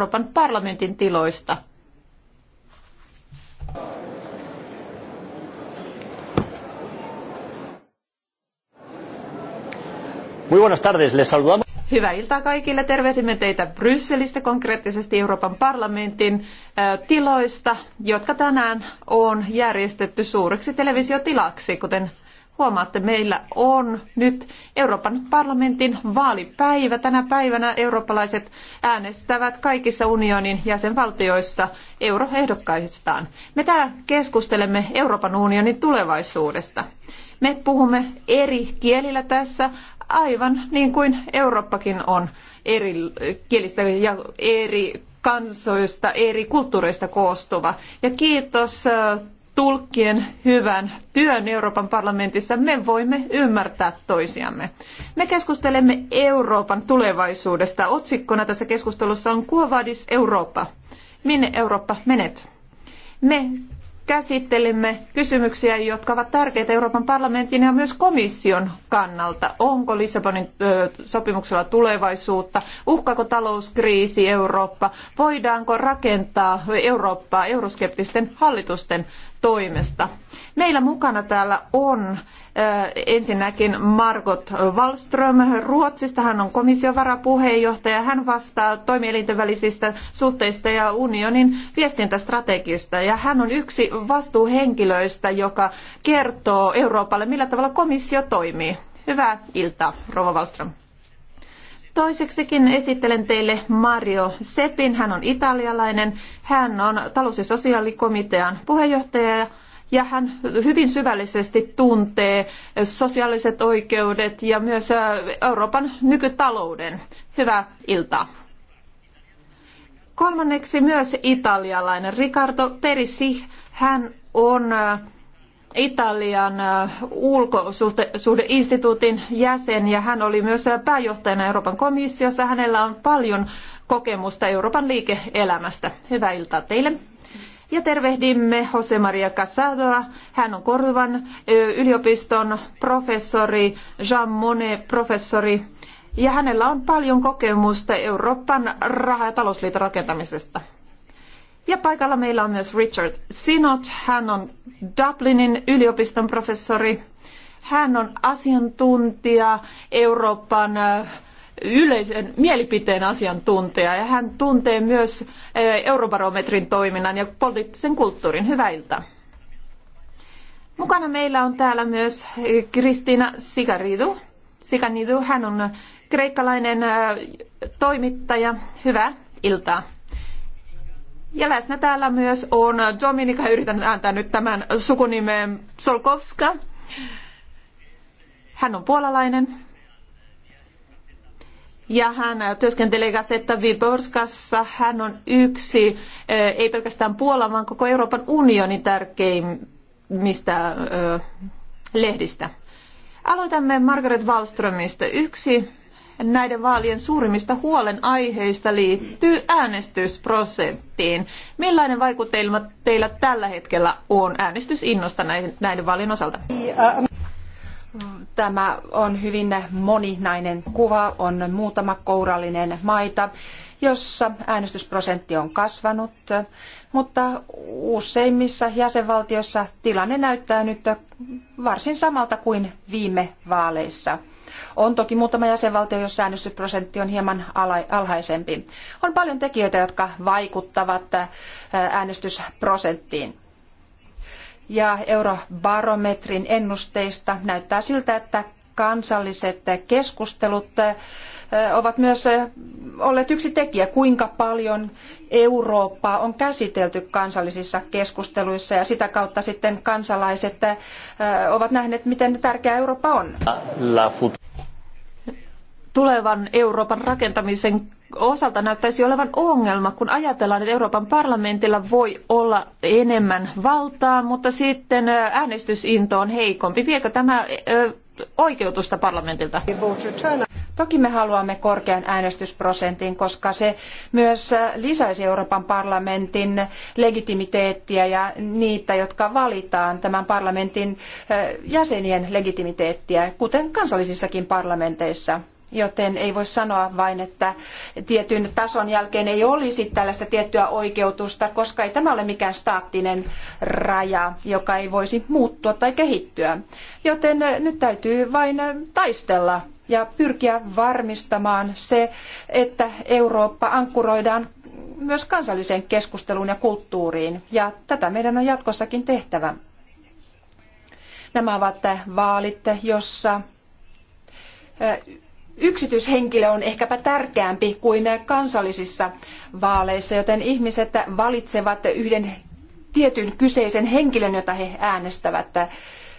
Euroopan parlamentin tiloista. Muy buenas tardes, les saludamos. Hyvää iltaa kaikille. Tervehdimme teitä Brysselistä, konkreettisesti Euroopan parlamentin tiloista, jotka tänään on järjestetty suureksi televisiotilaksi, kuten huomaatte, meillä on nyt Euroopan parlamentin vaalipäivä. Tänä päivänä eurooppalaiset äänestävät kaikissa unionin jäsenvaltioissa euroehdokkaistaan. Me täällä keskustelemme Euroopan unionin tulevaisuudesta. Me puhumme eri kielillä tässä, aivan niin kuin Eurooppakin on eri kielistä ja eri kansoista, eri kulttuureista koostuva. Ja kiitos äh, tulkkien hyvän työn Euroopan parlamentissa me voimme ymmärtää toisiamme. Me keskustelemme Euroopan tulevaisuudesta. Otsikkona tässä keskustelussa on Kuovadis Eurooppa. Minne Eurooppa menet? Me käsittelemme kysymyksiä, jotka ovat tärkeitä Euroopan parlamentin ja myös komission kannalta. Onko Lissabonin sopimuksella tulevaisuutta? Uhkaako talouskriisi Eurooppa? Voidaanko rakentaa Eurooppaa euroskeptisten hallitusten toimesta. Meillä mukana täällä on ensinnäkin Margot Wallström Ruotsista. Hän on komission varapuheenjohtaja. Hän vastaa toimielinten välisistä suhteista ja unionin viestintästrategista. Ja hän on yksi vastuuhenkilöistä, joka kertoo Euroopalle, millä tavalla komissio toimii. Hyvää iltaa, Rova Wallström. Toiseksikin esittelen teille Mario Sepin. Hän on italialainen. Hän on talous- ja sosiaalikomitean puheenjohtaja ja hän hyvin syvällisesti tuntee sosiaaliset oikeudet ja myös Euroopan nykytalouden. Hyvää iltaa. Kolmanneksi myös italialainen Ricardo Perisi. Hän on Italian äh, ulkosuhdeinstituutin jäsen ja hän oli myös äh, pääjohtajana Euroopan komissiossa. Hänellä on paljon kokemusta Euroopan liike-elämästä. Hyvää iltaa teille. Ja tervehdimme Jose Maria Casadoa. Hän on Korvan yliopiston professori, Jean Monnet professori ja hänellä on paljon kokemusta Euroopan raha- ja talousliiton rakentamisesta. Ja paikalla meillä on myös Richard Sinot. Hän on Dublinin yliopiston professori. Hän on asiantuntija, Euroopan yleisen mielipiteen asiantuntija ja hän tuntee myös eurobarometrin toiminnan ja poliittisen kulttuurin. Hyvää iltaa. Mukana meillä on täällä myös Kristiina Sigaridu. Sigaridu hän on kreikkalainen toimittaja. Hyvää iltaa. Ja läsnä täällä myös on Dominika, yritän ääntää nyt tämän sukunimen Solkovska. Hän on puolalainen. Ja hän työskentelee Gazetta Wyborskassa. Hän on yksi, eh, ei pelkästään Puolan, vaan koko Euroopan unionin tärkeimmistä eh, lehdistä. Aloitamme Margaret Wallströmistä. Yksi näiden vaalien suurimmista huolenaiheista liittyy äänestysprosenttiin. Millainen vaikutelma teillä tällä hetkellä on äänestysinnosta näiden, näiden vaalien osalta? Tämä on hyvin moninainen kuva, on muutama kourallinen maita jossa äänestysprosentti on kasvanut, mutta useimmissa jäsenvaltioissa tilanne näyttää nyt varsin samalta kuin viime vaaleissa. On toki muutama jäsenvaltio, jossa äänestysprosentti on hieman alhaisempi. On paljon tekijöitä, jotka vaikuttavat äh, äänestysprosenttiin ja eurobarometrin ennusteista näyttää siltä, että kansalliset keskustelut äh, ovat myös olleet yksi tekijä, kuinka paljon Eurooppaa on käsitelty kansallisissa keskusteluissa ja sitä kautta sitten kansalaiset äh, ovat nähneet, miten tärkeä Eurooppa on. Tulevan Euroopan rakentamisen osalta näyttäisi olevan ongelma, kun ajatellaan, että Euroopan parlamentilla voi olla enemmän valtaa, mutta sitten äh, äänestysinto on heikompi. Viekö tämä äh, oikeutusta parlamentilta? Toki me haluamme korkean äänestysprosentin, koska se myös lisäisi Euroopan parlamentin legitimiteettiä ja niitä, jotka valitaan tämän parlamentin jäsenien legitimiteettiä, kuten kansallisissakin parlamenteissa. Joten ei voi sanoa vain, että tietyn tason jälkeen ei olisi tällaista tiettyä oikeutusta, koska ei tämä ole mikään staattinen raja, joka ei voisi muuttua tai kehittyä. Joten nyt täytyy vain taistella ja pyrkiä varmistamaan se, että Eurooppa ankkuroidaan myös kansalliseen keskusteluun ja kulttuuriin, ja tätä meidän on jatkossakin tehtävä. Nämä ovat vaalit, jossa eh, yksityishenkilö on ehkäpä tärkeämpi kuin kansallisissa vaaleissa, joten ihmiset valitsevat yhden tietyn kyseisen henkilön, jota he äänestävät.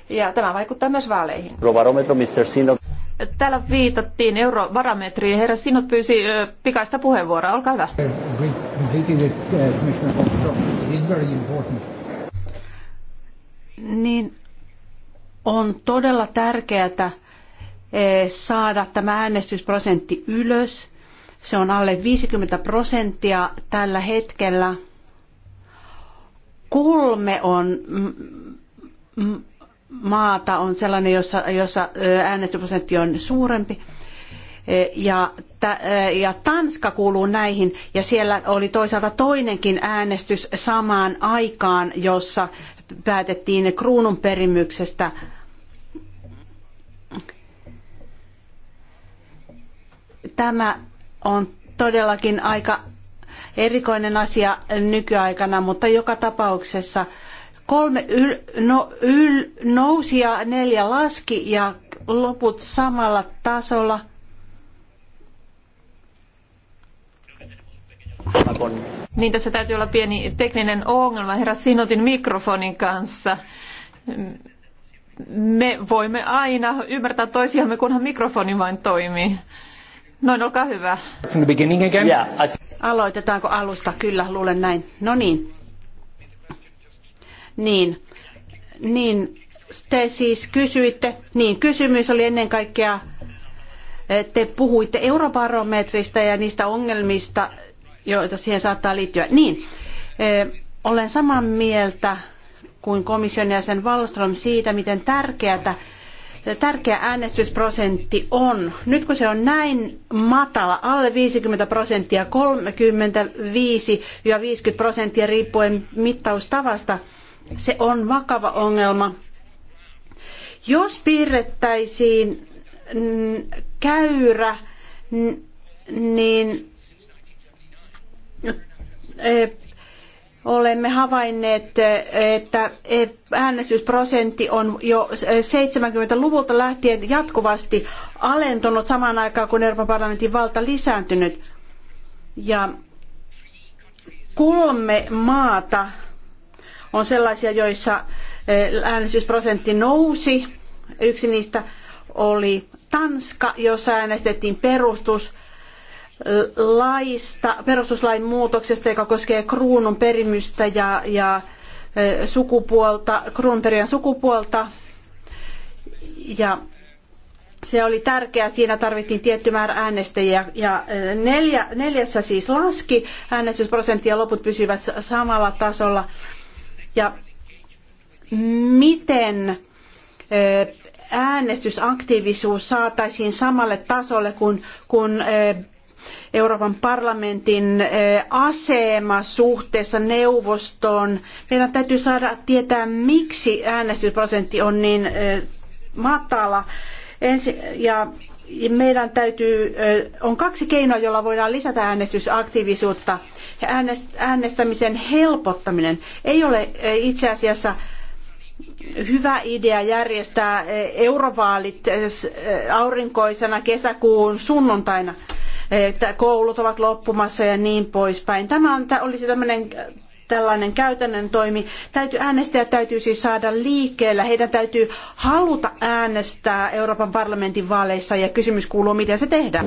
Ja tämä vaikuttaa myös vaaleihin. Mr. Sino. Täällä viitattiin eurovarametriin. Herra Sinut pyysi pikaista puheenvuoroa. Olkaa hyvä. Uh, niin on todella tärkeää eh, saada tämä äänestysprosentti ylös. Se on alle 50 prosenttia tällä hetkellä. Kulme on maata on sellainen, jossa, jossa äänestysprosentti on suurempi. E, ja, e, ja Tanska kuuluu näihin, ja siellä oli toisaalta toinenkin äänestys samaan aikaan, jossa päätettiin kruunun perimyksestä. Tämä on todellakin aika erikoinen asia nykyaikana, mutta joka tapauksessa äh, kolme yl, no, yl, nousi ja neljä laski ja loput samalla tasolla. Niin tässä täytyy olla pieni tekninen ongelma herra Sinotin mikrofonin kanssa. Me voimme aina ymmärtää toisiamme, kunhan mikrofoni vain toimii. Noin, olkaa hyvä. Aloitetaanko alusta? Kyllä, luulen näin. No niin, niin, niin te siis kysyitte, niin kysymys oli ennen kaikkea, eh, te puhuitte eurobarometrista ja niistä ongelmista, joita siihen saattaa liittyä. Niin, eh, olen samaa mieltä kuin komission jäsen Wallström siitä, miten tärkeätä tärkeä äänestysprosentti on. Nyt kun se on näin matala, alle 50 prosenttia, 35-50 prosenttia riippuen mittaustavasta, se on vakava ongelma. Jos piirrettäisiin käyrä, niin e, olemme havainneet, että e, äänestysprosentti on jo 70-luvulta lähtien jatkuvasti alentunut samaan aikaan, kun Euroopan parlamentin valta lisääntynyt. Ja kolme maata on sellaisia, joissa eh, äänestysprosentti nousi. Yksi niistä oli Tanska, jossa äänestettiin perustuslaista, perustuslain muutoksesta, joka koskee kruunun perimystä ja, ja eh, sukupuolta, kruunperijän sukupuolta. Ja se oli tärkeää, siinä tarvittiin tietty määrä äänestäjiä ja eh, neljä, neljässä siis laski äänestysprosentti ja loput pysyivät samalla tasolla ja miten äänestysaktiivisuus saataisiin samalle tasolle kuin, kuin Euroopan parlamentin asema suhteessa neuvostoon. Meidän täytyy saada tietää, miksi äänestysprosentti on niin matala. ja meidän täytyy, on kaksi keinoa, jolla voidaan lisätä äänestysaktiivisuutta. Äänestämisen helpottaminen ei ole itse asiassa hyvä idea järjestää eurovaalit aurinkoisena kesäkuun sunnuntaina, että koulut ovat loppumassa ja niin poispäin. Tämä on, olisi tämmöinen tällainen käytännön toimi. Täytyy äänestää, täytyy siis saada liikkeellä. Heidän täytyy haluta äänestää Euroopan parlamentin vaaleissa ja kysymys kuuluu, miten se tehdään.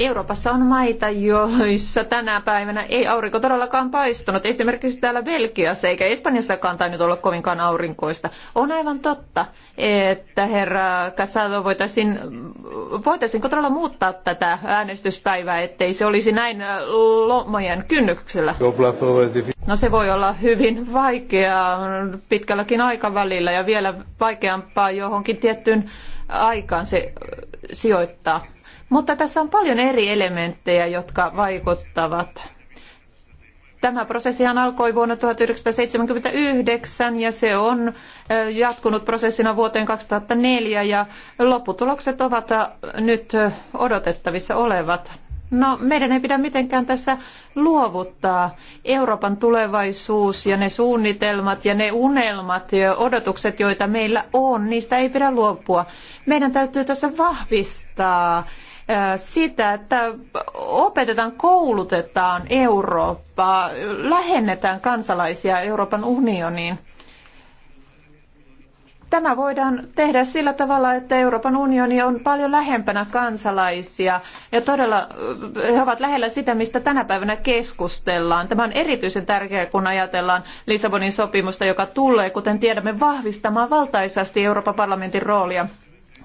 Euroopassa on maita, joissa tänä päivänä ei aurinko todellakaan paistunut. Esimerkiksi täällä Belgiassa eikä Espanjassakaan tainnut olla kovinkaan aurinkoista. On aivan totta, että herra Casado voitaisiin, voitaisiinko todella muuttaa tätä äänestyspäivää, ettei se olisi näin äh, lomojen kynnyksellä. No se voi olla hyvin vaikeaa pitkälläkin aikavälillä ja vielä vaikeampaa johonkin tiettyyn aikaan se sijoittaa. Mutta tässä on paljon eri elementtejä, jotka vaikuttavat. Tämä prosessihan alkoi vuonna 1979 ja se on jatkunut prosessina vuoteen 2004 ja lopputulokset ovat nyt odotettavissa olevat. No meidän ei pidä mitenkään tässä luovuttaa. Euroopan tulevaisuus ja ne suunnitelmat ja ne unelmat ja odotukset, joita meillä on, niistä ei pidä luopua. Meidän täytyy tässä vahvistaa äh, sitä, että opetetaan, koulutetaan Eurooppaa, lähennetään kansalaisia Euroopan unioniin. Tämä voidaan tehdä sillä tavalla, että Euroopan unioni on paljon lähempänä kansalaisia ja todella he ovat lähellä sitä, mistä tänä päivänä keskustellaan. Tämä on erityisen tärkeää, kun ajatellaan Lissabonin sopimusta, joka tulee, kuten tiedämme, vahvistamaan valtaisasti Euroopan parlamentin roolia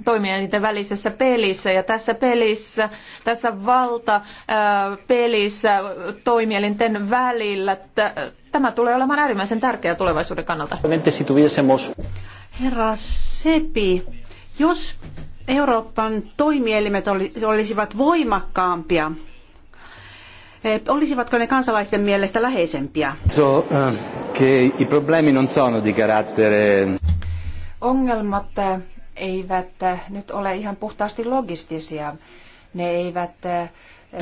toimijoiden välisessä pelissä ja tässä pelissä, tässä valtapelissä toimielinten välillä, tämä tulee olemaan äärimmäisen tärkeää tulevaisuuden kannalta. Herra Sepi, jos Euroopan toimielimet olisivat voimakkaampia, eh, olisivatko ne kansalaisten mielestä läheisempiä? So, eh, I problemi non sono di carattere... Ongelmat eh, eivät nyt ole ihan puhtaasti logistisia. Ne eivät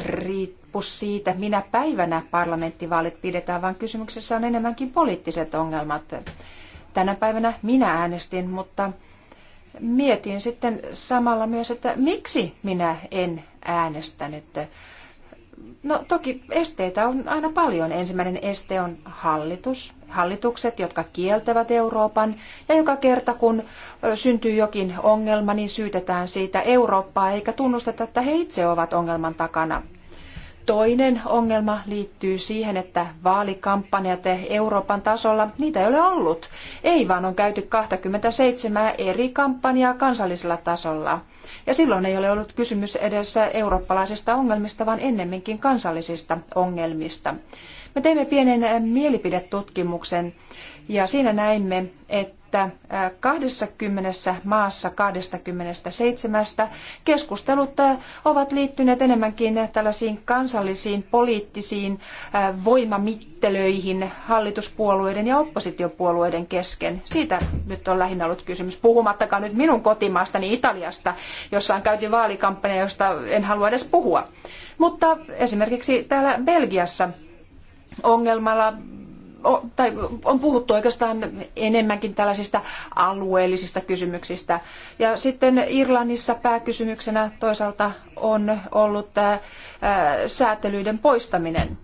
riippu siitä, minä päivänä parlamenttivaalit pidetään, vaan kysymyksessä on enemmänkin poliittiset ongelmat. Tänä päivänä minä äänestin, mutta mietin sitten samalla myös, että miksi minä en äänestänyt. No toki esteitä on aina paljon. Ensimmäinen este on hallitus, hallitukset, jotka kieltävät Euroopan. Ja joka kerta, kun syntyy jokin ongelma, niin syytetään siitä Eurooppaa eikä tunnusteta, että he itse ovat ongelman takana. Toinen ongelma liittyy siihen, että vaalikampanjat Euroopan tasolla, niitä ei ole ollut. Ei vaan on käyty 27 eri kampanjaa kansallisella tasolla. Ja silloin ei ole ollut kysymys edessä eurooppalaisista ongelmista, vaan ennemminkin kansallisista ongelmista. Me teimme pienen mielipidetutkimuksen ja siinä näimme, että että 20 maassa 27 keskustelut ovat liittyneet enemmänkin tällaisiin kansallisiin poliittisiin voimamittelöihin hallituspuolueiden ja oppositiopuolueiden kesken. Siitä nyt on lähinnä ollut kysymys, puhumattakaan nyt minun kotimaastani Italiasta, jossa on käyty vaalikampanja, josta en halua edes puhua. Mutta esimerkiksi täällä Belgiassa ongelmalla tai on puhuttu oikeastaan enemmänkin tällaisista alueellisista kysymyksistä. Ja sitten Irlannissa pääkysymyksenä toisaalta on ollut tämä äh, äh, säätelyiden poistaminen.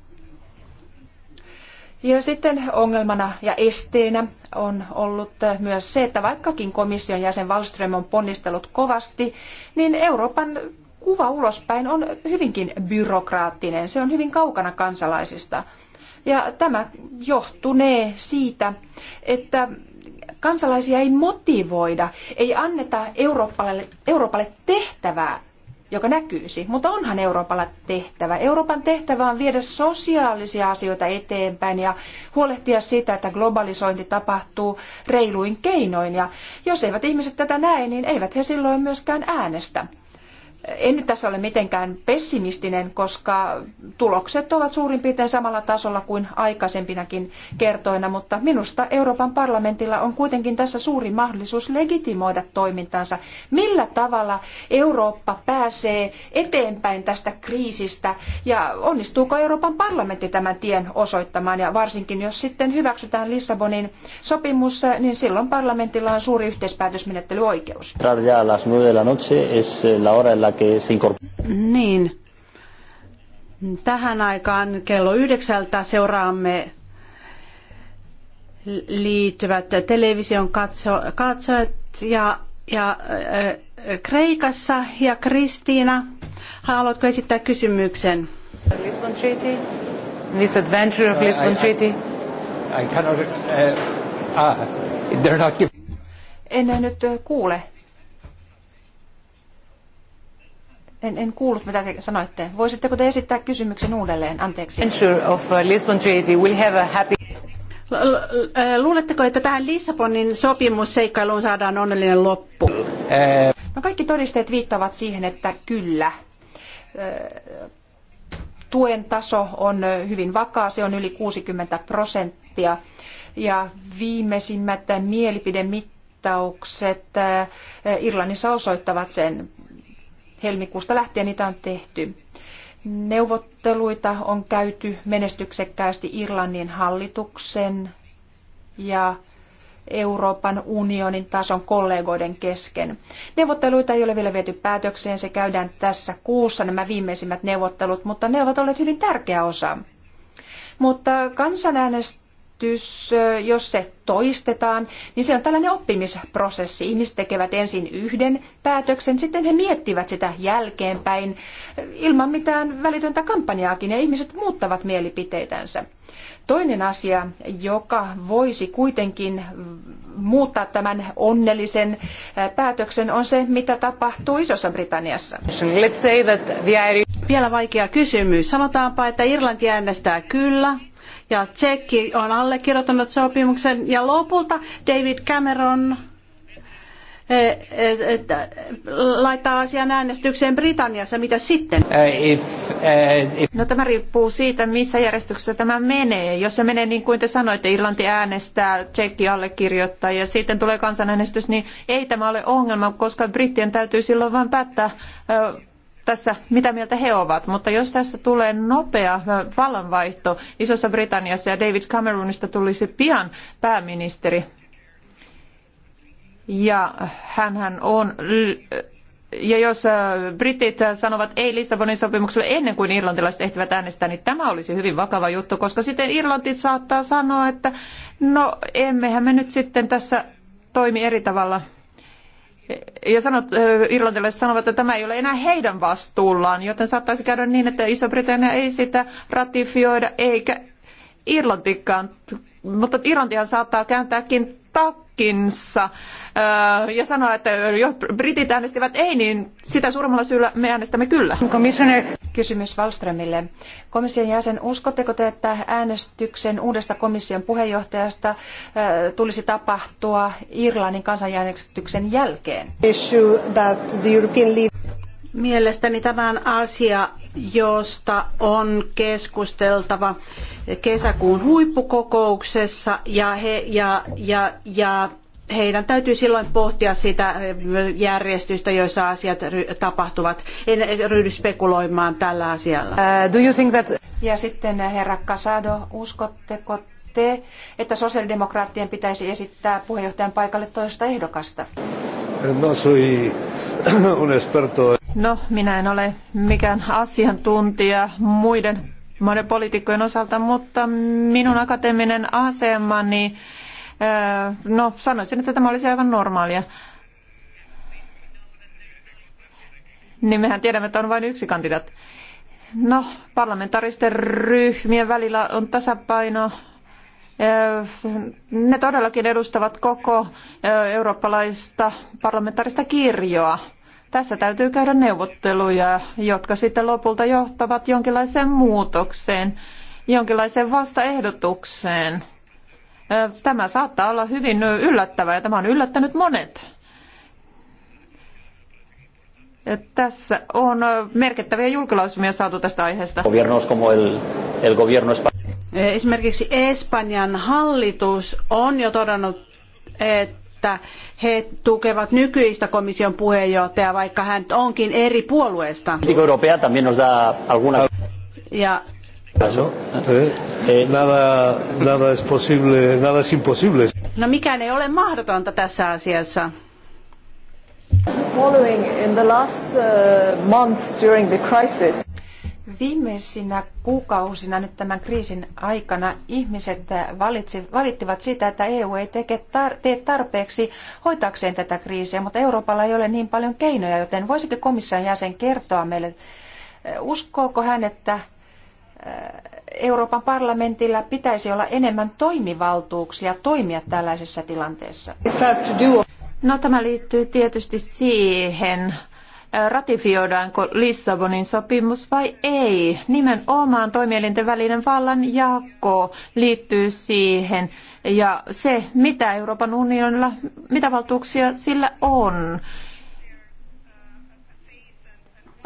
Ja sitten ongelmana ja esteenä on ollut äh, myös se, että vaikkakin komission jäsen Wallström on ponnistellut kovasti, niin Euroopan kuva ulospäin on hyvinkin byrokraattinen. Se on hyvin kaukana kansalaisista. Ja tämä johtunee siitä, että kansalaisia ei motivoida, ei anneta Euroopalle, Euroopalle tehtävää, joka näkyisi. Mutta onhan Euroopalla tehtävä. Euroopan tehtävä on viedä sosiaalisia asioita eteenpäin ja huolehtia siitä, että globalisointi tapahtuu reiluin keinoin. Ja jos eivät ihmiset tätä näe, niin eivät he silloin myöskään äänestä en nyt tässä ole mitenkään pessimistinen, koska tulokset ovat suurin piirtein samalla tasolla kuin aikaisempinakin kertoina, mutta minusta Euroopan parlamentilla on kuitenkin tässä suuri mahdollisuus legitimoida toimintansa. Millä tavalla Eurooppa pääsee eteenpäin tästä kriisistä ja onnistuuko Euroopan parlamentti tämän tien osoittamaan ja varsinkin jos sitten hyväksytään Lissabonin sopimus, niin silloin parlamentilla on suuri yhteispäätösmenettely oikeus hasta se incorpore. Niin. Tähän aikaan kello yhdeksältä seuraamme liittyvät television katso, katsojat ja, ja äh, Kreikassa ja Kristiina. Haluatko esittää kysymyksen? Lisbon Treaty, this adventure of uh, Lisbon Treaty. I cannot, uh, ah, they're not giving... En nyt kuule En, en kuullut, mitä te sanoitte. Voisitteko te esittää kysymyksen uudelleen? Anteeksi. Of uh, Lisbon Treaty will have a happy... Äh, luuletteko, että tähän Lissabonin sopimusseikkailuun saadaan onnellinen loppu? Äh. No kaikki todisteet viittaavat siihen, että kyllä. Äh, tuen taso on hyvin vakaa, se on yli 60 prosenttia. Ja viimeisimmät mielipidemittaukset Irlannissa osoittavat sen Helmikuusta lähtien niitä on tehty. Neuvotteluita on käyty menestyksekkäästi Irlannin hallituksen ja Euroopan unionin tason kollegoiden kesken. Neuvotteluita ei ole vielä viety päätökseen, se käydään tässä kuussa nämä viimeisimmät neuvottelut, mutta ne ovat olleet hyvin tärkeä osa. Mutta kansanäänestys menestys, jos se toistetaan, niin se on tällainen oppimisprosessi. Ihmiset tekevät ensin yhden päätöksen, sitten he miettivät sitä jälkeenpäin ilman mitään välitöntä kampanjaakin ja ihmiset muuttavat mielipiteitänsä. Toinen asia, joka voisi kuitenkin muuttaa tämän onnellisen päätöksen, on se, mitä tapahtuu Isossa Britanniassa. Vielä vaikea kysymys. Sanotaanpa, että Irlanti äänestää kyllä, ja Tsekki on allekirjoittanut sopimuksen ja lopulta David Cameron eh, eh, laittaa asian äänestykseen Britanniassa, mitä sitten? Uh, uh, no tämä riippuu siitä, missä järjestyksessä tämä menee. Jos se menee niin kuin te sanoitte, Irlanti äänestää, Tsekki allekirjoittaa ja sitten tulee kansanäänestys, niin ei tämä ole ongelma, koska brittien täytyy silloin vain päättää eh, tässä, mitä mieltä he ovat, mutta jos tässä tulee nopea vallanvaihto Isossa Britanniassa ja David Cameronista tulisi pian pääministeri, ja hän on ja jos britit sanovat ei Lissabonin sopimukselle ennen kuin irlantilaiset ehtivät äänestää, niin tämä olisi hyvin vakava juttu, koska sitten Irlanti saattaa sanoa, että no emmehän me nyt sitten tässä toimi eri tavalla ja sanot, irlantilaiset sanovat, että tämä ei ole enää heidän vastuullaan, joten saattaisi käydä niin, että Iso-Britannia ei sitä ratifioida eikä Irlantikaan. Mutta Irlantihan saattaa kääntääkin takkinsa äh, ja sanoa, että jos britit äänestivät ei, niin sitä suuremmalla syyllä me äänestämme kyllä. Kysymys Wallströmille. Komission jäsen, uskotteko te, että äänestyksen uudesta komission puheenjohtajasta äh, tulisi tapahtua Irlannin kansanäänestyksen jälkeen? Mielestäni tämä on asia, josta on keskusteltava kesäkuun huippukokouksessa ja, he, ja, ja, ja heidän täytyy silloin pohtia sitä järjestystä, joissa asiat tapahtuvat. En ryhdy spekuloimaan tällä asialla. Uh, do you think that... Ja sitten eh, herra Casado, uskotteko tee, että sosiaalidemokraattien pitäisi esittää puheenjohtajan paikalle toista ehdokasta? No, soy un experto. No, minä en ole mikään asiantuntija muiden monen poliitikkojen osalta, mutta minun akateeminen asemani, äh, no sanoisin, että tämä olisi aivan normaalia. Niin mehän tiedämme, että on vain yksi kandidaat. No, parlamentaaristen ryhmien välillä on tasapaino Öö, ne todellakin edustavat koko öö, eurooppalaista parlamentaarista kirjoa. Tässä täytyy käydä neuvotteluja, jotka sitten lopulta johtavat jonkinlaiseen muutokseen, jonkinlaiseen vastaehdotukseen. Öö, tämä saattaa olla hyvin yllättävää ja tämä on yllättänyt monet. Tässä on merkittäviä julkilausumia saatu tästä aiheesta. el, el gobierno Eh, esimerkiksi Espanjan hallitus on jo todennut, että he tukevat nykyistä komission puheenjohtajaa, vaikka hän onkin eri puolueesta. Ja eh, No mikään ei ole mahdotonta tässä asiassa. Following in the last uh, months during the crisis. Viimeisinä kuukausina nyt tämän kriisin aikana ihmiset äh, valitsi, valittivat sitä, että EU ei teke tar- tee tarpeeksi hoitaakseen tätä kriisiä, mutta Euroopalla ei ole niin paljon keinoja, joten voisiko komission jäsen kertoa meille, äh, uskooko hän, että äh, Euroopan parlamentilla pitäisi olla enemmän toimivaltuuksia toimia tällaisessa tilanteessa? No tämä liittyy tietysti siihen, ratifioidaanko Lissabonin sopimus vai ei. Nimenomaan toimielinten välinen vallan jako liittyy siihen ja se, mitä Euroopan unionilla, mitä valtuuksia sillä on.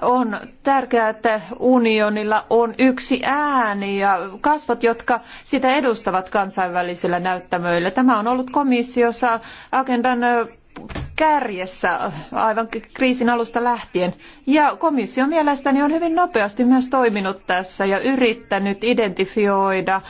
On tärkeää, että unionilla on yksi ääni ja kasvot, jotka sitä edustavat kansainvälisillä näyttämöillä. Tämä on ollut komissiossa agendan kärjessä aivan kriisin alusta lähtien. Ja komissio mielestäni on hyvin nopeasti myös toiminut tässä ja yrittänyt identifioida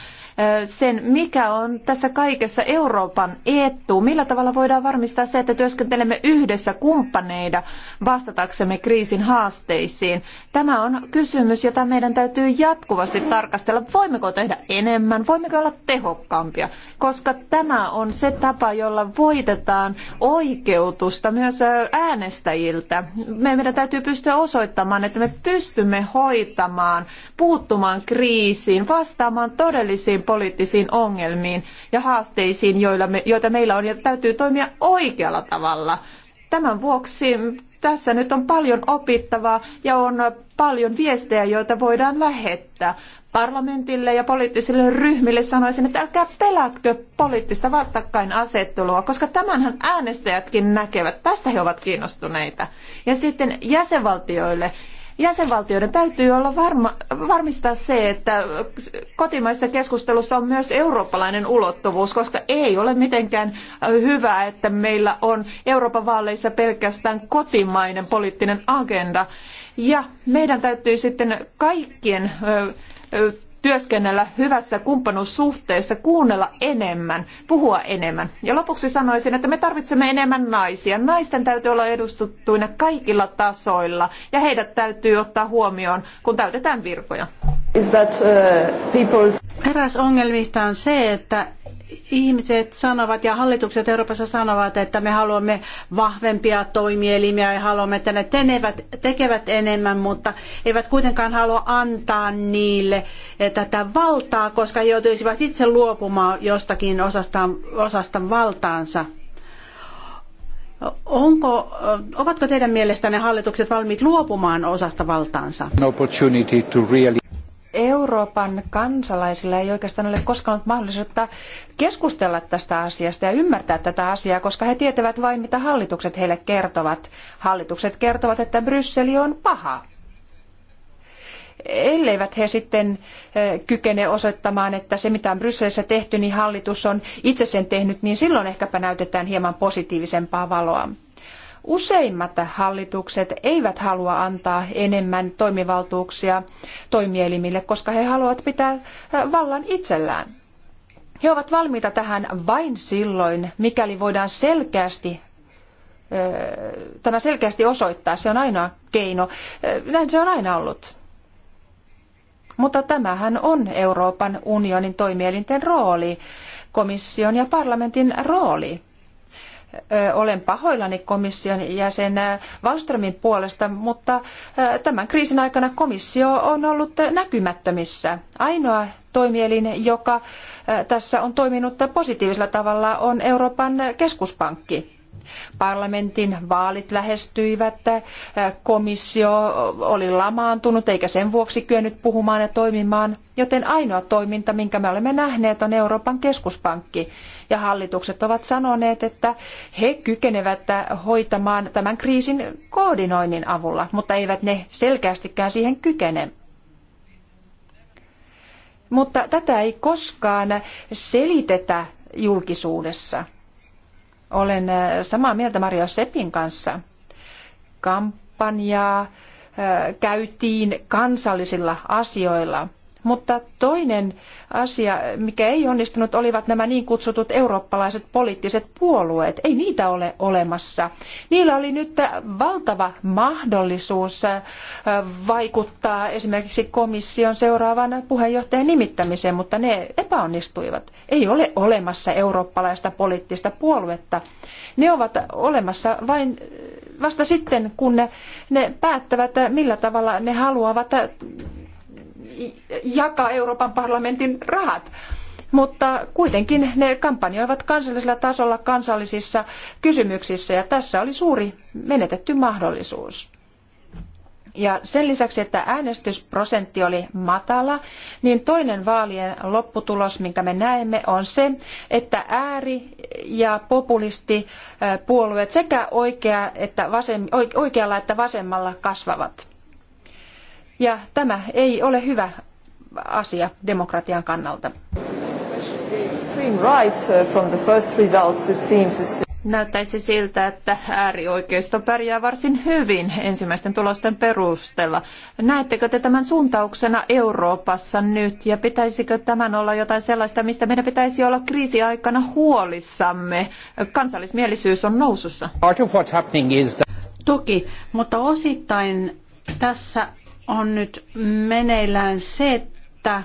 sen, mikä on tässä kaikessa Euroopan etu. Millä tavalla voidaan varmistaa se, että työskentelemme yhdessä kumppaneina vastataksemme kriisin haasteisiin? Tämä on kysymys, jota meidän täytyy jatkuvasti tarkastella. Voimmeko tehdä enemmän? Voimmeko olla tehokkaampia? Koska tämä on se tapa, jolla voitetaan oikeutusta myös äänestäjiltä. Meidän täytyy pystyä osoittamaan, että me pystymme hoitamaan, puuttumaan kriisiin, vastaamaan todellisiin suuriin poliittisiin ongelmiin ja haasteisiin, joilla me, joita meillä on, ja täytyy toimia oikealla tavalla. Tämän vuoksi tässä nyt on paljon opittavaa ja on paljon viestejä, joita voidaan lähettää. Parlamentille ja poliittisille ryhmille sanoisin, että älkää pelätkö poliittista vastakkainasettelua, koska tämänhän äänestäjätkin näkevät. Tästä he ovat kiinnostuneita. Ja sitten jäsenvaltioille jäsenvaltioiden täytyy olla varma, varmistaa se, että kotimaisessa keskustelussa on myös eurooppalainen ulottuvuus, koska ei ole mitenkään hyvä, että meillä on Euroopan vaaleissa pelkästään kotimainen poliittinen agenda. Ja meidän täytyy sitten kaikkien työskennellä hyvässä kumppanuussuhteessa, kuunnella enemmän, puhua enemmän. Ja lopuksi sanoisin, että me tarvitsemme enemmän naisia. Naisten täytyy olla edustettuina kaikilla tasoilla ja heidät täytyy ottaa huomioon, kun täytetään virkoja. Is that, uh, Eräs ongelmista on se, että ihmiset sanovat ja hallitukset Euroopassa sanovat, että me haluamme vahvempia toimielimiä ja haluamme, että ne tenevät, tekevät enemmän, mutta eivät kuitenkaan halua antaa niille eh, tätä valtaa, koska he joutuisivat itse luopumaan jostakin osasta, osasta valtaansa. Onko, eh, ovatko teidän mielestänne hallitukset valmiit luopumaan osasta valtaansa? An opportunity to really... Euroopan kansalaisilla ei oikeastaan ole koskaan ollut mahdollisuutta keskustella tästä asiasta ja ymmärtää tätä asiaa, koska he tietävät vain, mitä hallitukset heille kertovat. Hallitukset kertovat, että Brysseli on paha. Elleivät he sitten kykene osoittamaan, että se mitä on Brysselissä tehty, niin hallitus on itse sen tehnyt, niin silloin ehkäpä näytetään hieman positiivisempaa valoa. Useimmat hallitukset eivät halua antaa enemmän toimivaltuuksia toimielimille, koska he haluavat pitää vallan itsellään. He ovat valmiita tähän vain silloin, mikäli voidaan selkeästi tämä selkeästi osoittaa. Se on ainoa keino. Näin se on aina ollut. Mutta tämähän on Euroopan unionin toimielinten rooli, komission ja parlamentin rooli olen pahoillani komission jäsen Wallströmin puolesta, mutta tämän kriisin aikana komissio on ollut näkymättömissä. Ainoa toimielin, joka tässä on toiminut positiivisella tavalla, on Euroopan keskuspankki. Parlamentin vaalit lähestyivät, komissio oli lamaantunut eikä sen vuoksi kyennyt puhumaan ja toimimaan, joten ainoa toiminta, minkä me olemme nähneet, on Euroopan keskuspankki. Ja hallitukset ovat sanoneet, että he kykenevät hoitamaan tämän kriisin koordinoinnin avulla, mutta eivät ne selkeästikään siihen kykene. Mutta tätä ei koskaan selitetä julkisuudessa. Olen äh, samaa mieltä Mario Sepin kanssa. Kampanjaa äh, käytiin kansallisilla asioilla – mutta toinen asia, mikä ei onnistunut, olivat nämä niin kutsutut eurooppalaiset poliittiset puolueet. Ei niitä ole olemassa. Niillä oli nyt valtava mahdollisuus äh, vaikuttaa esimerkiksi komission seuraavan puheenjohtajan nimittämiseen, mutta ne epäonnistuivat. Ei ole olemassa eurooppalaista poliittista puoluetta. Ne ovat olemassa vain äh, vasta sitten, kun ne, ne päättävät, millä tavalla ne haluavat jakaa Euroopan parlamentin rahat mutta kuitenkin ne kampanjoivat kansallisella tasolla kansallisissa kysymyksissä ja tässä oli suuri menetetty mahdollisuus. Ja sen lisäksi, että äänestysprosentti oli matala, niin toinen vaalien lopputulos, minkä me näemme, on se, että ääri- ja populistipuolueet sekä oikea, että vasem, oikealla että vasemmalla kasvavat. Ja tämä ei ole hyvä asia demokratian kannalta. Uh, Näyttäisi siltä, että äärioikeisto pärjää varsin hyvin ensimmäisten tulosten perusteella. Näettekö te tämän suuntauksena Euroopassa nyt ja pitäisikö tämän olla jotain sellaista, mistä meidän pitäisi olla kriisiaikana huolissamme? Kansallismielisyys on nousussa. Toki, mutta osittain tässä on nyt meneillään se, että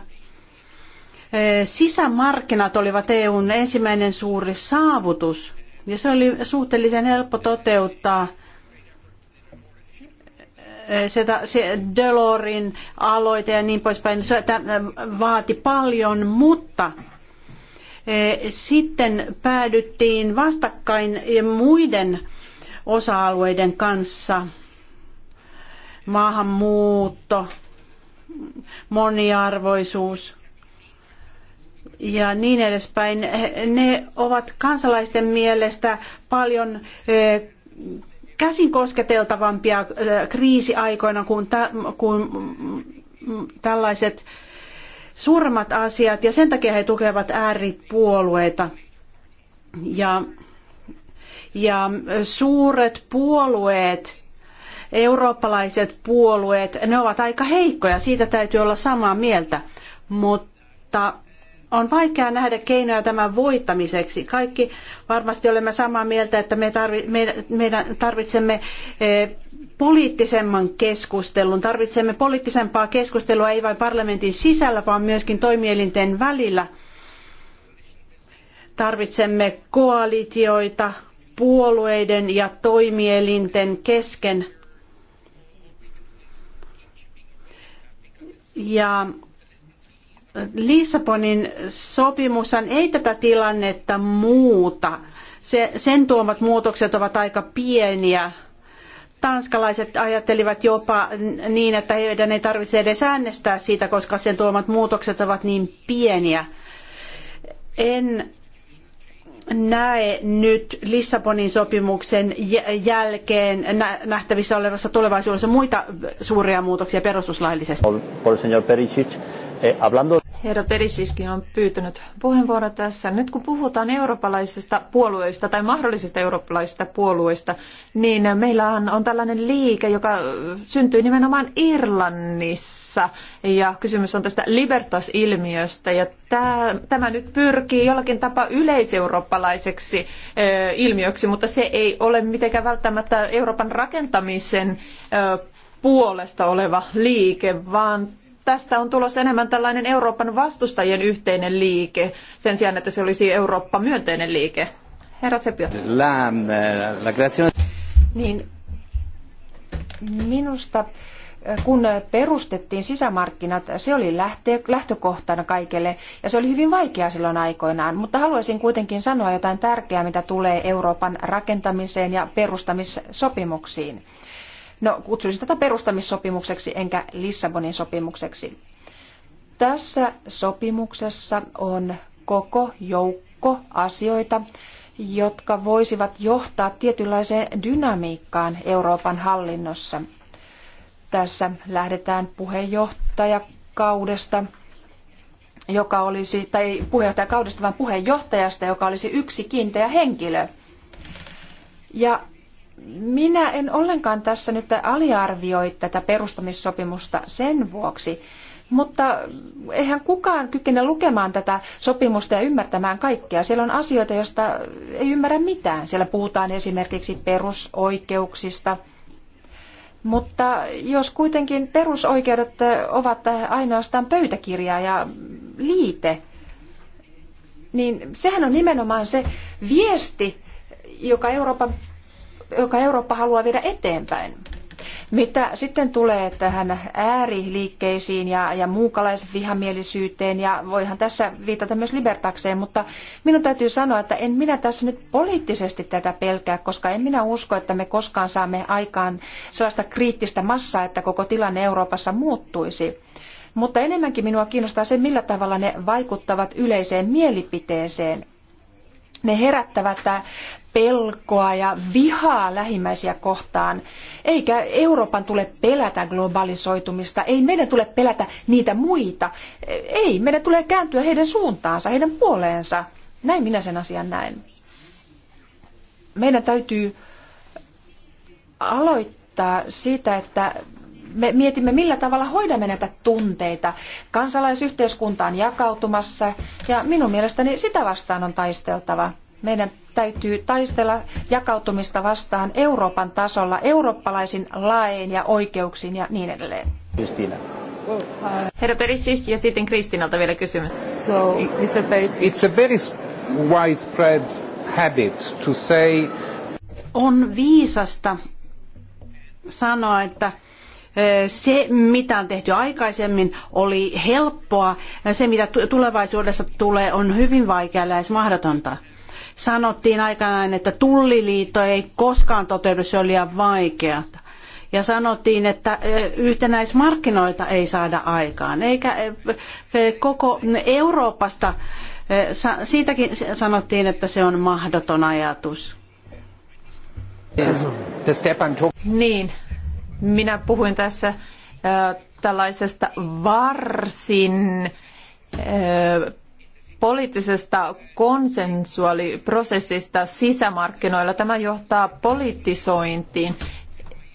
eh, sisämarkkinat olivat EUn ensimmäinen suuri saavutus. Ja se oli suhteellisen helppo toteuttaa eh, se, se Delorin aloite ja niin poispäin. Se eh, vaati paljon, mutta sitten päädyttiin vastakkain muiden osa-alueiden kanssa – maahanmuutto, moniarvoisuus ja niin edespäin. Ne ovat kansalaisten mielestä paljon käsin kosketeltavampia kriisiaikoina kuin, kuin tällaiset suuremmat asiat ja sen takia he tukevat ääripuolueita. Ja, ja suuret puolueet eurooppalaiset puolueet, ne ovat aika heikkoja, siitä täytyy olla samaa mieltä, mutta on vaikea nähdä keinoja tämän voittamiseksi. Kaikki varmasti olemme samaa mieltä, että me, tarvi, meidän tarvitsemme e, poliittisemman keskustelun. Tarvitsemme poliittisempaa keskustelua ei vain parlamentin sisällä, vaan myöskin toimielinten välillä. Tarvitsemme koalitioita puolueiden ja toimielinten kesken – Ja Lissabonin sopimus ei tätä tilannetta muuta. Se, sen tuomat muutokset ovat aika pieniä. Tanskalaiset ajattelivat jopa niin, että heidän ei tarvitse edes äänestää siitä, koska sen tuomat muutokset ovat niin pieniä. En näe nyt Lissabonin sopimuksen jälkeen nähtävissä olevassa tulevaisuudessa muita suuria muutoksia perustuslaillisesti. Herra Perisiskin on pyytänyt puheenvuoro tässä. Nyt kun puhutaan eurooppalaisista puolueista tai mahdollisista eurooppalaisista puolueista, niin meillähän on tällainen liike, joka syntyi nimenomaan Irlannissa. Ja kysymys on tästä Libertas-ilmiöstä. Ja tämä, tämä nyt pyrkii jollakin tapaa yleiseurooppalaiseksi ö, ilmiöksi, mutta se ei ole mitenkään välttämättä Euroopan rakentamisen puolesta oleva liike, vaan tästä on tulossa enemmän tällainen Euroopan vastustajien yhteinen liike, sen sijaan, että se olisi Eurooppa-myönteinen liike. Herra Sepio. La, la Niin, minusta eh, kun perustettiin sisämarkkinat, se oli lähtökohtana kaikelle ja se oli hyvin vaikeaa silloin aikoinaan. Mutta haluaisin kuitenkin sanoa jotain tärkeää, mitä tulee Euroopan rakentamiseen ja perustamissopimuksiin. No, kutsuisin tätä perustamissopimukseksi enkä Lissabonin sopimukseksi. Tässä sopimuksessa on koko joukko asioita, jotka voisivat johtaa tietynlaiseen dynamiikkaan Euroopan hallinnossa. Tässä lähdetään puheenjohtajakaudesta, joka olisi, tai puheenjohtajakaudesta, vaan puheenjohtajasta, joka olisi yksi kiinteä henkilö. Ja minä en ollenkaan tässä nyt aliarvioi tätä perustamissopimusta sen vuoksi, mutta eihän kukaan kykene lukemaan tätä sopimusta ja ymmärtämään kaikkea. Siellä on asioita, joista ei ymmärrä mitään. Siellä puhutaan esimerkiksi perusoikeuksista. Mutta jos kuitenkin perusoikeudet ovat ainoastaan pöytäkirja ja liite, niin sehän on nimenomaan se viesti, joka Euroopan joka Eurooppa haluaa viedä eteenpäin. Mitä sitten tulee tähän ääriliikkeisiin ja, ja muukalaisvihamielisyyteen, ja voihan tässä viitata myös libertakseen, mutta minun täytyy sanoa, että en minä tässä nyt poliittisesti tätä pelkää, koska en minä usko, että me koskaan saamme aikaan sellaista kriittistä massaa, että koko tilanne Euroopassa muuttuisi. Mutta enemmänkin minua kiinnostaa se, millä tavalla ne vaikuttavat yleiseen mielipiteeseen ne herättävät pelkoa ja vihaa lähimmäisiä kohtaan. Eikä Euroopan tule pelätä globalisoitumista, ei meidän tule pelätä niitä muita. Ei, meidän tulee kääntyä heidän suuntaansa, heidän puoleensa. Näin minä sen asian näen. Meidän täytyy aloittaa siitä, että me mietimme, millä tavalla hoidamme näitä tunteita. Kansalaisyhteiskunta on jakautumassa ja minun mielestäni sitä vastaan on taisteltava. Meidän täytyy taistella jakautumista vastaan Euroopan tasolla, eurooppalaisin laein ja oikeuksin ja niin edelleen. Kristiina. Herra ja sitten Kristinalta vielä kysymys. So, Mr. It's a very widespread habit to say... On viisasta sanoa, että se, mitä on tehty aikaisemmin, oli helppoa. Se, mitä tulevaisuudessa tulee, on hyvin vaikeaa lähes mahdotonta. Sanottiin aikanaan, että tulliliitto ei koskaan toteudu, se oli liian vaikeaa ja sanottiin, että yhtenäismarkkinoita ei saada aikaan, eikä koko Euroopasta, siitäkin sanottiin, että se on mahdoton ajatus. Niin, minä puhuin tässä tällaisesta varsin poliittisesta konsensuaaliprosessista sisämarkkinoilla. Tämä johtaa politisointiin.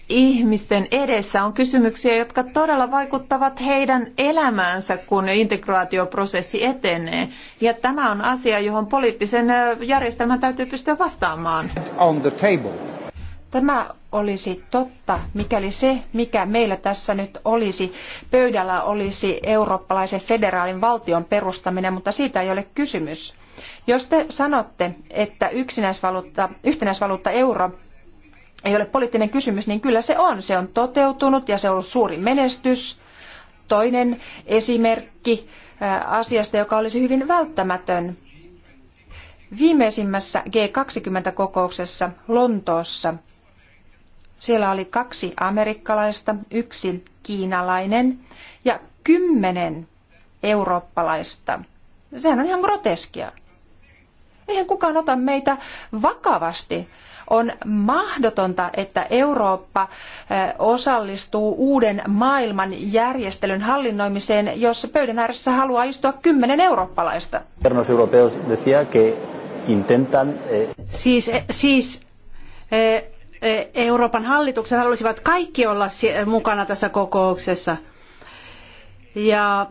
Ihmisten edessä on kysymyksiä, jotka todella vaikuttavat heidän elämäänsä, kun integraatioprosessi etenee. Ja tämä on asia, johon poliittisen järjestelmän täytyy pystyä vastaamaan. Tämä olisi totta, mikäli se, mikä meillä tässä nyt olisi pöydällä, olisi eurooppalaisen federaalin valtion perustaminen, mutta siitä ei ole kysymys. Jos te sanotte, että yhtenäisvaluutta euro ei ole poliittinen kysymys, niin kyllä se on. Se on toteutunut ja se on ollut suuri menestys. Toinen esimerkki äh, asiasta, joka olisi hyvin välttämätön. Viimeisimmässä G20-kokouksessa Lontoossa siellä oli kaksi amerikkalaista, yksi kiinalainen ja kymmenen eurooppalaista. Sehän on ihan groteskia. Eihän kukaan ota meitä vakavasti. On mahdotonta, että Eurooppa eh, osallistuu uuden maailman järjestelyn hallinnoimiseen, jos pöydän ääressä haluaa istua kymmenen eurooppalaista. Eh, siis, eh, siis E, Euroopan hallitukset halusivat kaikki olla mukana tässä kokouksessa. Ja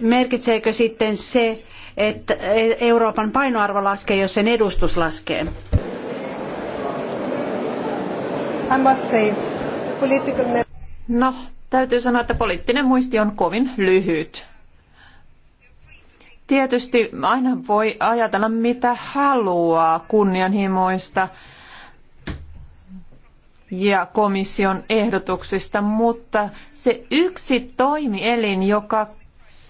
merkitseekö sitten se, että e, Euroopan painoarvo laskee, jos sen edustus laskee? No, täytyy sanoa, että poliittinen muisti on kovin lyhyt. Tietysti aina voi ajatella mitä haluaa kunnianhimoista ja komission ehdotuksista, mutta se yksi toimielin, joka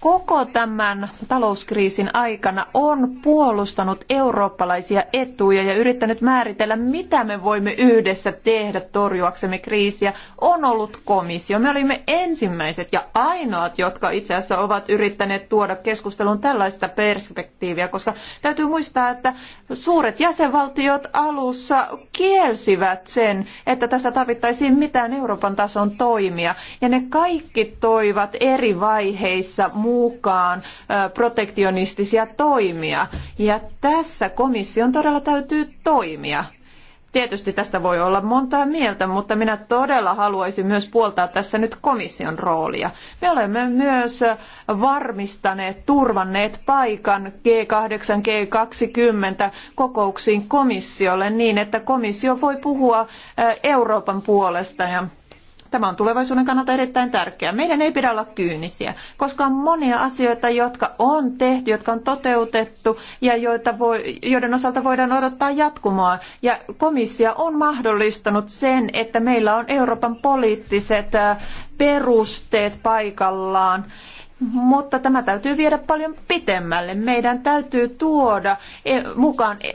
koko tämän talouskriisin aikana on puolustanut eurooppalaisia etuja ja yrittänyt määritellä, mitä me voimme yhdessä tehdä torjuaksemme kriisiä, on ollut komissio. Me olimme ensimmäiset ja ainoat, jotka itse asiassa ovat yrittäneet tuoda keskusteluun tällaista perspektiiviä, koska täytyy muistaa, että suuret jäsenvaltiot alussa kielsivät sen, että tässä tarvittaisiin mitään Euroopan tason toimia. Ja ne kaikki toivat eri vaiheissa mukaan protektionistisia toimia. Ja tässä komission todella täytyy toimia. Tietysti tästä voi olla montaa mieltä, mutta minä todella haluaisin myös puoltaa tässä nyt komission roolia. Me olemme myös varmistaneet, turvanneet paikan G8, G20 kokouksiin komissiolle niin, että komissio voi puhua Euroopan puolesta ja Tämä on tulevaisuuden kannalta erittäin tärkeää. Meidän ei pidä olla kyynisiä, koska on monia asioita, jotka on tehty, jotka on toteutettu ja joita voi, joiden osalta voidaan odottaa jatkumoa. Ja komissio on mahdollistanut sen, että meillä on Euroopan poliittiset äh, perusteet paikallaan. Mutta tämä täytyy viedä paljon pitemmälle. Meidän täytyy tuoda e, mukaan e,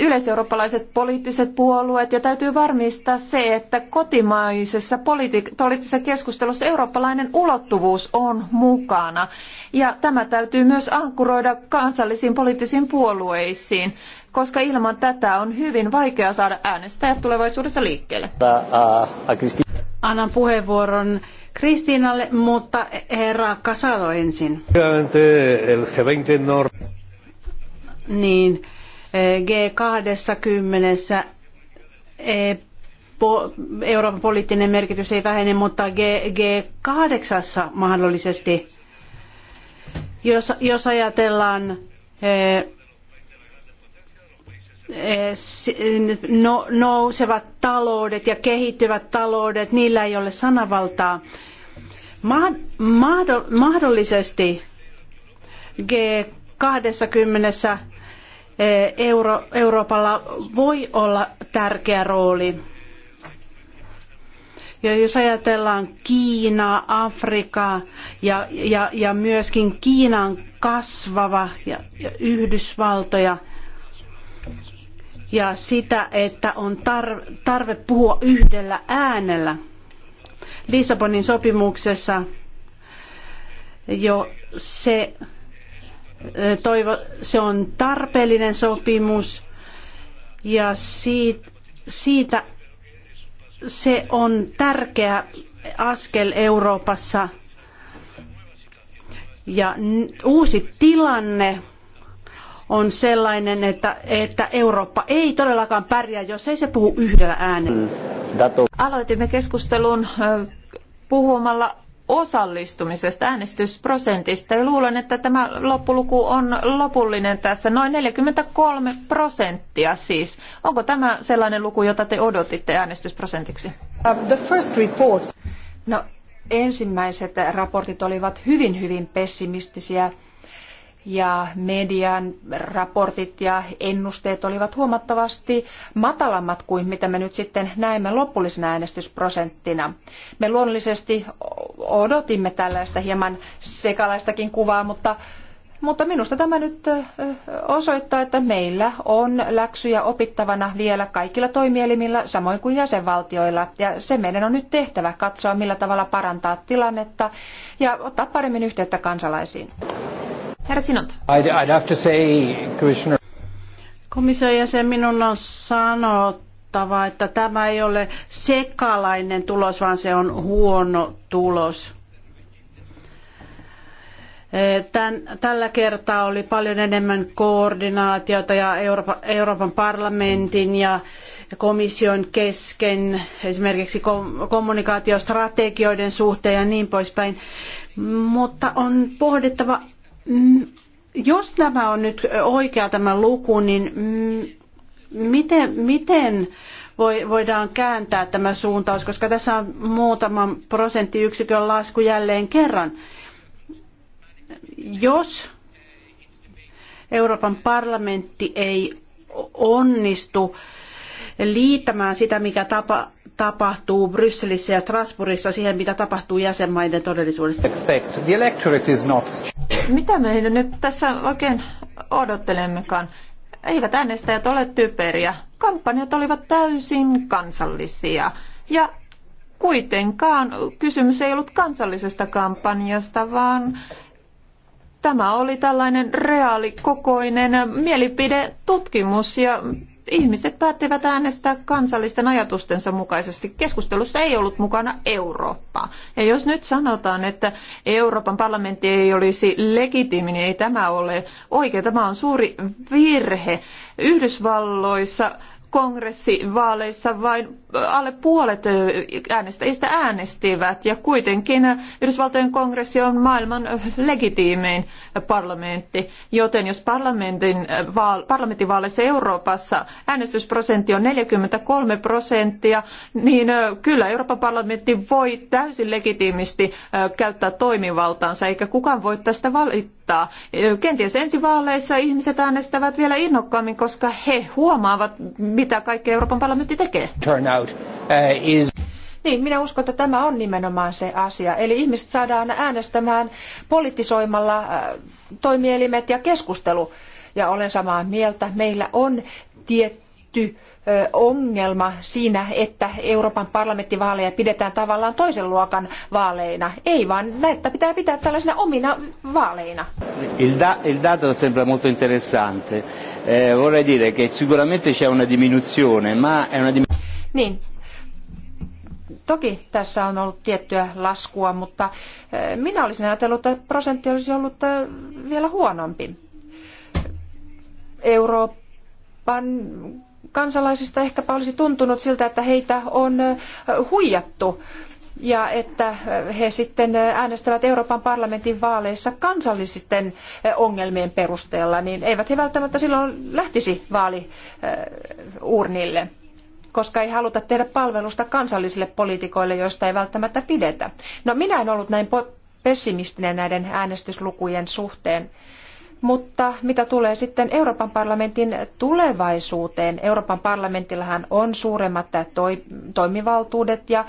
yleiseurooppalaiset poliittiset puolueet ja täytyy varmistaa se, että kotimaisessa politi- poliittisessa keskustelussa eurooppalainen ulottuvuus on mukana. Ja tämä täytyy myös ankkuroida kansallisiin poliittisiin puolueisiin, koska ilman tätä on hyvin vaikea saada äänestäjät tulevaisuudessa liikkeelle. Annan puheenvuoron Kristiinalle, mutta herra Casado ensin. Niin, G20 e, Euroopan poliittinen merkitys ei vähene, mutta G8 mahdollisesti. Jos, jos ajatellaan e, e, no, nousevat taloudet ja kehittyvät taloudet, niillä ei ole sanavaltaa. Mahdollisesti G20 Eh, Euro, Euroopalla voi olla tärkeä rooli. Ja jos ajatellaan Kiinaa, Afrikkaa ja, ja, ja myöskin Kiinan kasvava ja, ja Yhdysvaltoja ja sitä, että on tarve puhua yhdellä äänellä. Lissabonin sopimuksessa jo se toivo, se on tarpeellinen sopimus ja siitä, siitä se on tärkeä askel Euroopassa ja uusi tilanne on sellainen, että, että Eurooppa ei todellakaan pärjää, jos ei se puhu yhdellä äänellä. Aloitimme keskustelun puhumalla osallistumisesta, äänestysprosentista. Ja luulen, että tämä loppuluku on lopullinen tässä, noin 43 prosenttia siis. Onko tämä sellainen luku, jota te odotitte äänestysprosentiksi? Um, the first reports. No, ensimmäiset raportit olivat hyvin, hyvin pessimistisiä ja median raportit ja ennusteet olivat huomattavasti matalammat kuin mitä me nyt sitten näemme lopullisena äänestysprosenttina. Me luonnollisesti odotimme tällaista hieman sekalaistakin kuvaa, mutta mutta minusta tämä nyt osoittaa, että meillä on läksyjä opittavana vielä kaikilla toimielimillä, samoin kuin jäsenvaltioilla. Ja se meidän on nyt tehtävä katsoa, millä tavalla parantaa tilannetta ja ottaa paremmin yhteyttä kansalaisiin. Herra Sinot. I'd, I'd have to say, Commissioner... Komission jäsen, minun on sanottava, että tämä ei ole sekalainen tulos, vaan se on huono tulos. E, tän, tällä kertaa oli paljon enemmän koordinaatiota ja Euroopan, Euroopan parlamentin ja komission kesken, esimerkiksi kommunikaatiostrategioiden suhteen ja niin poispäin. Mutta on pohdittava Mm, jos tämä on nyt oikea tämä luku, niin mm, miten, miten voidaan kääntää tämä suuntaus, koska tässä on muutaman prosenttiyksikön lasku jälleen kerran. Jos Euroopan parlamentti ei onnistu liittämään sitä, mikä tapa, tapahtuu Brysselissä ja Strasbourgissa siihen, mitä tapahtuu jäsenmaiden todellisuudessa. Mitä me nyt tässä oikein odottelemmekaan? Eivät äänestäjät ole typeriä. Kampanjat olivat täysin kansallisia. Ja kuitenkaan kysymys ei ollut kansallisesta kampanjasta, vaan tämä oli tällainen reaalikokoinen mielipidetutkimus ja ihmiset päättivät äänestää kansallisten ajatustensa mukaisesti. Keskustelussa ei ollut mukana Eurooppaa. Ja jos nyt sanotaan, että Euroopan parlamentti ei olisi legitiimi, niin ei tämä ole oikein. Tämä on suuri virhe. Yhdysvalloissa kongressivaaleissa vain äh, alle puolet äh, äänestäjistä äänestivät ja kuitenkin äh, Yhdysvaltojen kongressi on maailman legitiimein parlamentti, joten jos parlamentin, parlamenttivaaleissa Euroopassa äänestysprosentti on 43 prosenttia, niin kyllä Euroopan parlamentti voi täysin legitiimisti käyttää toimivaltaansa, eikä kukaan voi tästä valittaa. Kenties ensi vaaleissa ihmiset äänestävät vielä innokkaammin, koska he huomaavat, mitä kaikkea Euroopan parlamentti tekee. Turnout, uh, is... Niin, minä uskon, että tämä on nimenomaan se asia. Eli ihmiset saadaan äänestämään politisoimalla äh, toimielimet ja keskustelu. Ja olen samaa mieltä, meillä on tietty ongelma siinä, että Euroopan parlamenttivaaleja pidetään tavallaan toisen luokan vaaleina. Ei vaan näitä pitää pitää tällaisina omina vaaleina. Il, da, il dato sembra molto interessante. Eh, vorrei dire che sicuramente c'è una diminuzione, ma è una diminuzione. Niin. Toki tässä on ollut tiettyä laskua, mutta eh, minä olisin ajatellut, että prosentti olisi ollut eh, vielä huonompi. Euroopan kansalaisista ehkäpä olisi tuntunut siltä, että heitä on huijattu ja että he sitten äänestävät Euroopan parlamentin vaaleissa kansallisten ongelmien perusteella, niin eivät he välttämättä silloin lähtisi vaaliuurnille koska ei haluta tehdä palvelusta kansallisille poliitikoille, joista ei välttämättä pidetä. No minä en ollut näin pessimistinen näiden äänestyslukujen suhteen. Mutta mitä tulee sitten Euroopan parlamentin tulevaisuuteen, Euroopan parlamentillahan on suuremmat toi, toimivaltuudet ja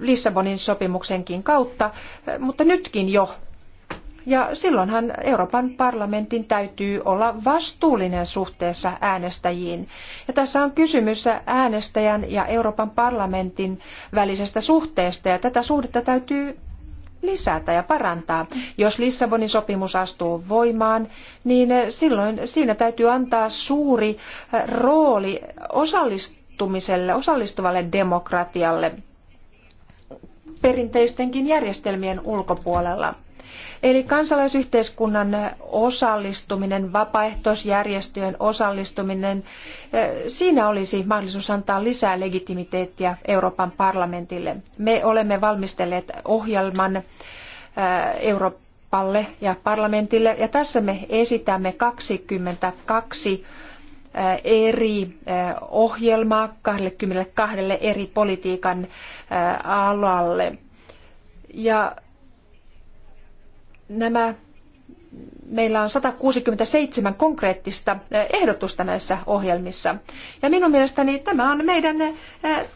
Lissabonin sopimuksenkin kautta, mutta nytkin jo. Ja silloinhan Euroopan parlamentin täytyy olla vastuullinen suhteessa äänestäjiin. Ja tässä on kysymys äänestäjän ja Euroopan parlamentin välisestä suhteesta, ja tätä suhdetta täytyy lisätä ja parantaa. Jos Lissabonin sopimus astuu voimaan, niin eh, silloin siinä täytyy antaa suuri eh, rooli osallistumiselle, osallistuvalle demokratialle perinteistenkin järjestelmien ulkopuolella. Eli kansalaisyhteiskunnan osallistuminen, vapaaehtoisjärjestöjen osallistuminen, eh, siinä olisi mahdollisuus antaa lisää legitimiteettiä Euroopan parlamentille. Me olemme valmistelleet ohjelman eh, Euroopalle ja parlamentille, ja tässä me esitämme 22 eh, eri ohjelmaa 22 eri politiikan alalle. Ja nämä meillä on 167 konkreettista eh, ehdotusta näissä ohjelmissa. Ja minun mielestäni tämä on meidän eh,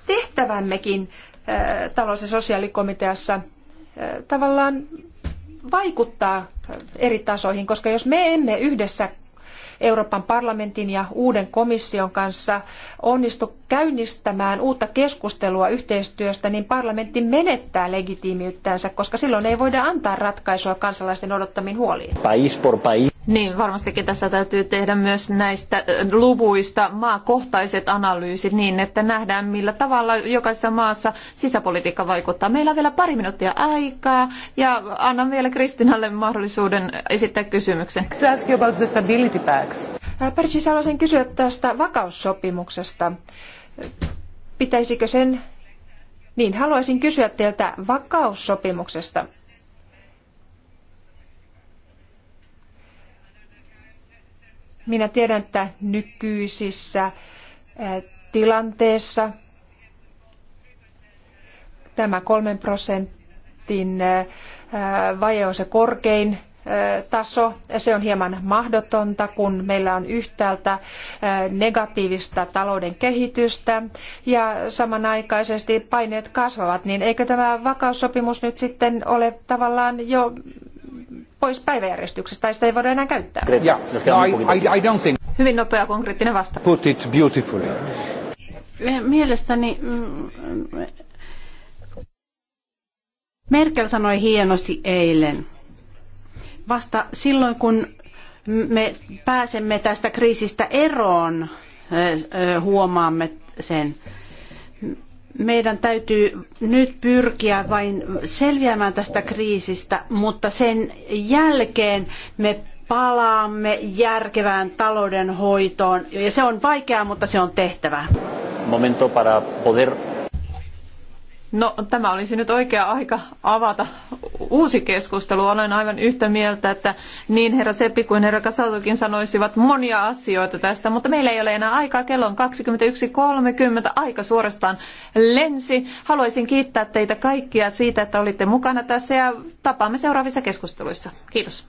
tehtävämmekin eh, talous- ja sosiaalikomiteassa tavallaan vaikuttaa eri tasoihin, koska jos me emme yhdessä Euroopan parlamentin ja uuden komission kanssa onnistu käynnistämään uutta keskustelua yhteistyöstä, niin parlamentti menettää legitiimiyttänsä, koska silloin ei voida antaa ratkaisua kansalaisten odottamiin huoliin. País por país. Niin, varmastikin tässä täytyy tehdä myös näistä luvuista maakohtaiset analyysit niin, että nähdään millä tavalla jokaisessa maassa sisäpolitiikka vaikuttaa. Meillä on vielä pari minuuttia aikaa ja annan vielä Kristinalle mahdollisuuden esittää kysymyksen. Ask you about the stability pact. haluaisin kysyä tästä vakaussopimuksesta. Pitäisikö sen... Niin, haluaisin kysyä teiltä vakaussopimuksesta. Minä tiedän, että nykyisissä tilanteessa tämä kolmen prosentin vaje on se korkein taso. Se on hieman mahdotonta, kun meillä on yhtäältä negatiivista talouden kehitystä ja samanaikaisesti paineet kasvavat, niin eikö tämä vakaussopimus nyt sitten ole tavallaan jo pois päiväjärjestyksestä tai sitä ei voida enää käyttää? Yeah. No, I, I, I don't think... Hyvin nopea konkreettinen vastaus. Put it beautifully. Mielestäni mm, Merkel sanoi hienosti eilen. Vasta silloin, kun me pääsemme tästä kriisistä eroon, huomaamme sen meidän täytyy nyt pyrkiä vain selviämään tästä kriisistä, mutta sen jälkeen me palaamme järkevään taloudenhoitoon. Ja se on vaikeaa, mutta se on tehtävä. Momento para poder No, tämä olisi nyt oikea aika avata uusi keskustelu. Olen aivan yhtä mieltä, että niin herra Seppi kuin herra Kasautukin sanoisivat monia asioita tästä, mutta meillä ei ole enää aikaa. Kello on 21.30. Aika suorastaan lensi. Haluaisin kiittää teitä kaikkia siitä, että olitte mukana tässä ja tapaamme seuraavissa keskusteluissa. Kiitos.